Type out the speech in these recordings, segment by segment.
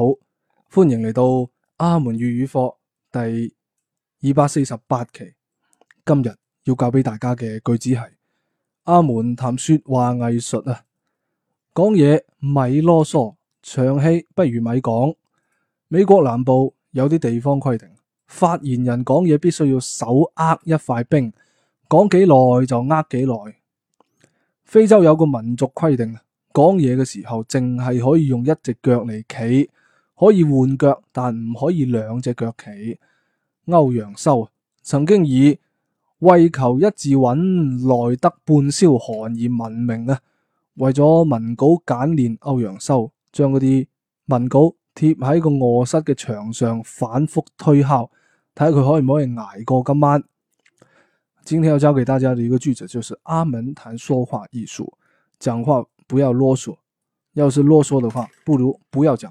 好，歡迎嚟到阿門粵語課第二百四十八期。今日要教俾大家嘅句子係：阿門談說話藝術啊，講嘢咪囉嗦，長氣不如咪講。美國南部有啲地方規定，發言人講嘢必須要手握一塊冰，講幾耐就握幾耐。非洲有個民族規定，講嘢嘅時候淨係可以用一隻腳嚟企。可以換腳，但唔可以兩隻腳企。歐陽修曾經以為求一字穩，耐得半宵寒而聞名啊。為咗文稿簡練，歐陽修將嗰啲文稿貼喺個臥室嘅牆上反覆，反覆推敲，睇下佢可唔可以挨過今晚。今天要教給大家嘅一個句子，就是阿門談說話藝術，講話不要囉嗦，要是囉嗦嘅話，不如不要講。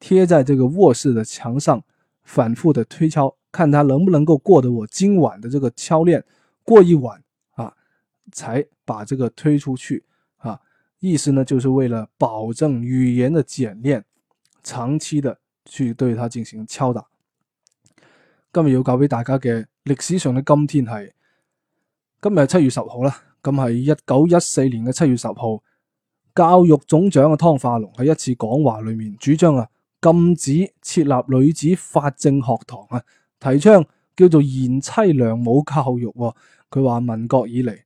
貼在這個臥室的牆上，反復的推敲，看他能不能夠過得我今晚的這個敲練，過一晚啊，才把這個推出去啊。意思呢，就是為了保證語言的檢驗，長期的去對他進行敲打。今日要教俾大家嘅歷史上嘅今天係今日係七月十號啦，咁喺一九一四年嘅七月十號，教育總長嘅湯化龍喺一次講話裏面主張啊。禁止設立女子法政學堂啊！提倡叫做賢妻良母教育。佢話民國以嚟，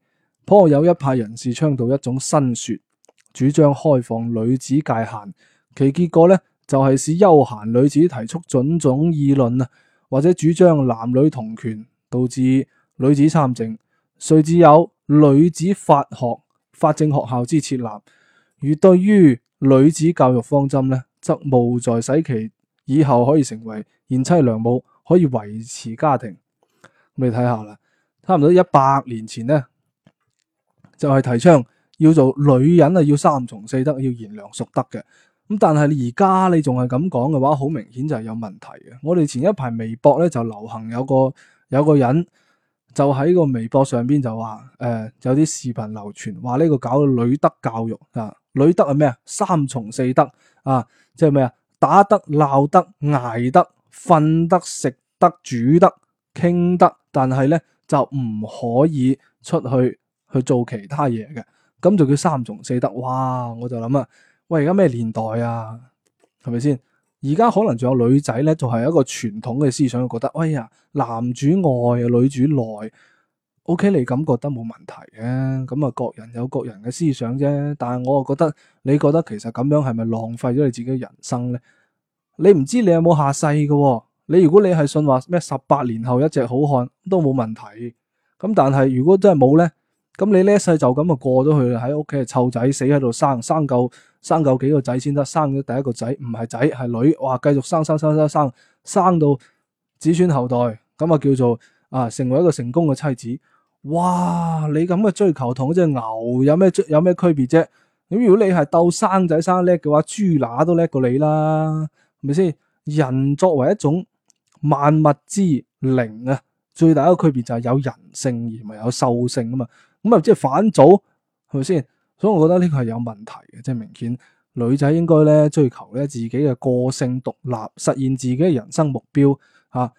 頗有一派人士倡導一種新說，主張開放女子界限，其結果呢，就係使休閒女子提出種種議論啊，或者主張男女同權，導致女子參政，遂至有女子法學、法政學校之設立。而對於女子教育方針呢。則務在使其以後可以成為賢妻良母，可以維持家庭。你睇下啦，差唔多一百年前呢，就係提倡要做女人啊，要三從四德，要賢良淑德嘅。咁但係你而家你仲係咁講嘅話，好明顯就係有問題嘅。我哋前一排微博咧就流行有個有個人就喺個微博上邊就話，誒、呃，有啲視頻流傳，話呢個搞女德教育啊。女德係咩啊？三從四德啊，即係咩啊？打得、鬧得、捱得、瞓得、食得、煮得、傾得，但係咧就唔可以出去去做其他嘢嘅，咁就叫三從四德。哇！我就諗啊，喂，而家咩年代啊？係咪先？而家可能仲有女仔咧，就係一個傳統嘅思想，覺得哎呀，男主外啊，女主內。O.K. 你咁覺得冇問題嘅，咁啊，各人有各人嘅思想啫。但係我又覺得，你覺得其實咁樣係咪浪費咗你自己嘅人生呢？你唔知你有冇下世嘅，哦？你如果你係信話咩十八年後一隻好漢都冇問題。咁但係如果真係冇呢，咁你呢一世就咁啊過咗去啦，喺屋企湊仔，死喺度生生夠生夠幾個仔先得，生咗第一個仔唔係仔係女，哇，繼續生生生生生生，生，生到子孫後代，咁啊叫做啊成為一個成功嘅妻子。哇！你咁嘅追求同一隻牛有咩有咩區別啫？咁如果你係鬥生仔生叻嘅話，豬乸都叻過你啦，係咪先？人作為一種萬物之靈啊，最大一個區別就係有人性而唔係有獸性啊嘛。咁啊，即係反祖，係咪先？所以我覺得呢個係有問題嘅，即係明顯女仔應該咧追求咧自己嘅個性獨立，實現自己嘅人生目標啊。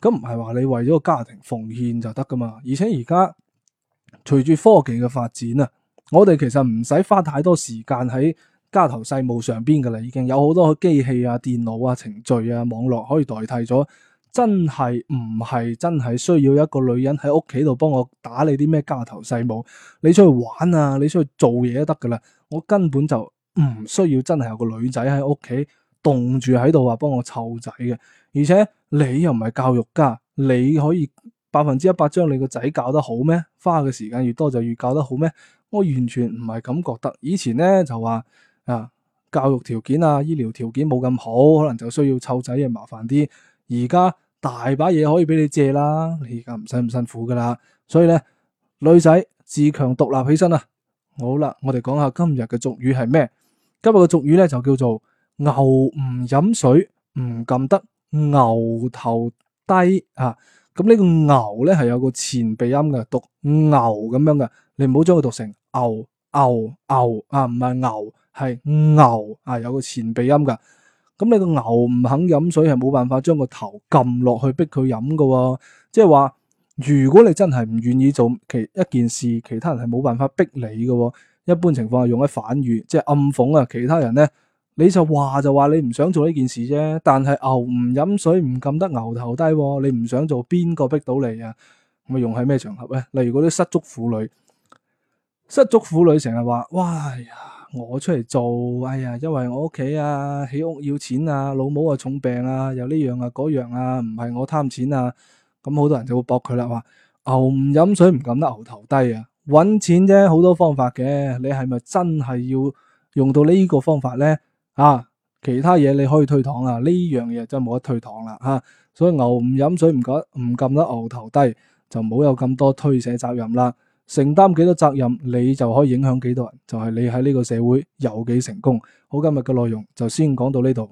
咁唔係話你為咗個家庭奉獻就得噶嘛？而且而家隨住科技嘅發展啊，我哋其實唔使花太多時間喺家頭細務上邊噶啦，已經有好多機器啊、電腦啊、程序啊、網絡可以代替咗，真係唔係真係需要一個女人喺屋企度幫我打理啲咩家頭細務。你出去玩啊，你出去做嘢都得噶啦，我根本就唔需要真係有個女仔喺屋企。凍住喺度話幫我湊仔嘅，而且你又唔係教育家，你可以百分之一百將你個仔教得好咩？花嘅時間越多就越教得好咩？我完全唔係咁覺得。以前咧就話啊，教育條件啊、醫療條件冇咁好，可能就需要湊仔啊麻煩啲。而家大把嘢可以俾你借啦，你而家唔使唔辛苦噶啦。所以咧，女仔自強獨立起身啊！好啦，我哋講下今日嘅俗語係咩？今日嘅俗語咧就叫做。牛唔飲水唔撳得牛頭低啊！咁、呢、呢個牛咧係有個前鼻音嘅，讀牛咁樣嘅，你唔好將佢讀成牛牛牛啊，唔係牛係牛啊，有個前鼻音嘅。咁、啊、你、呢個牛唔肯飲水係冇辦法將個頭撳落去逼佢飲噶，即係話如果你真係唔願意做其一件事，其他人係冇辦法逼你嘅、哦。一般情況係用喺反語，即係暗諷啊！其他人咧。你就話就話你唔想做呢件事啫，但係牛唔飲水唔撳得牛頭低，哦，你唔想做邊個逼到你啊？咪用喺咩場合咧？例如嗰啲失足婦女，失足婦女成日話，哇、哎、呀，我出嚟做，哎呀，因為我屋企啊，起屋要錢啊，老母啊重病啊，又呢樣啊，嗰樣啊，唔係我貪錢啊。咁好多人就會駁佢啦，話牛唔飲水唔撳得牛頭低啊，搵錢啫，好多方法嘅，你係咪真係要用到呢個方法咧？啊！其他嘢你可以推搪啊，呢樣嘢真係冇得推搪啦！吓，所以牛唔飲水唔得，唔撳得牛頭低就冇有咁多推卸責任啦。承擔幾多責任，你就可以影響幾多人，就係你喺呢個社會有幾成功。好，今日嘅內容就先講到呢度。